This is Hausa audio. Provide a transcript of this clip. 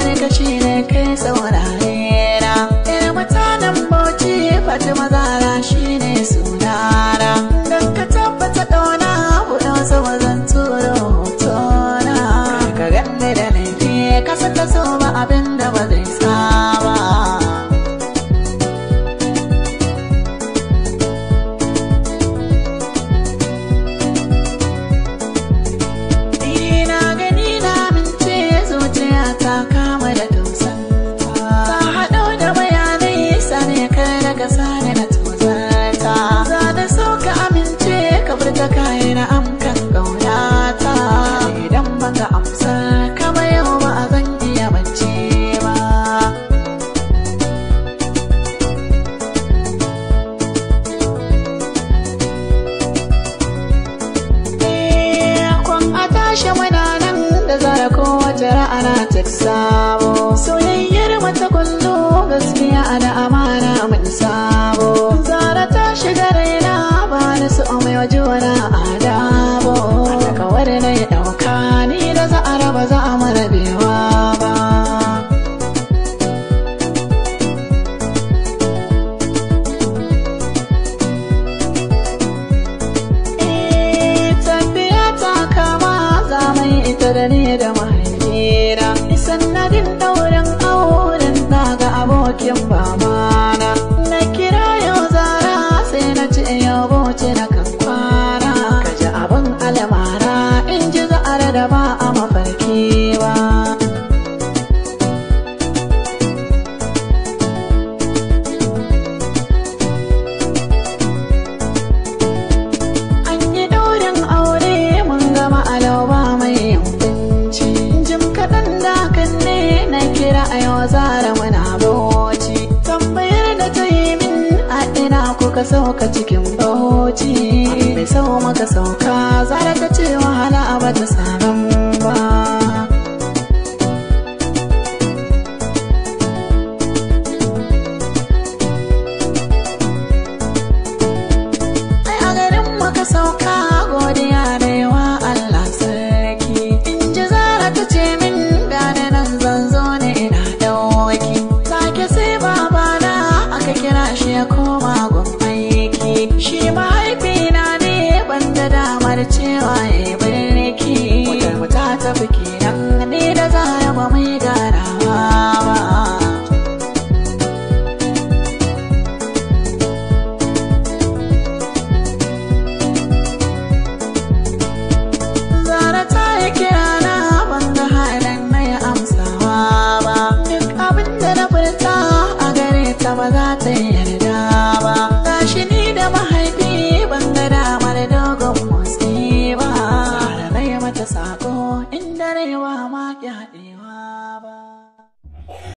barkaci ne kai saurare na amkan ƙaunata idan baka amsa kama yau ba a zan iya bance ba eh, kwan a tashi muna nan da zara kowace ra'ana ta sabo soyayyar mata kwallo, gaskiya da amana mun sabo zara ta shiga raina ba su amai but any a yau zara muna bauchi tambayar da ta yi min a ina kuka sauka cikin bahoci. mai sau maka sauka zara ta ce wahala a bata sa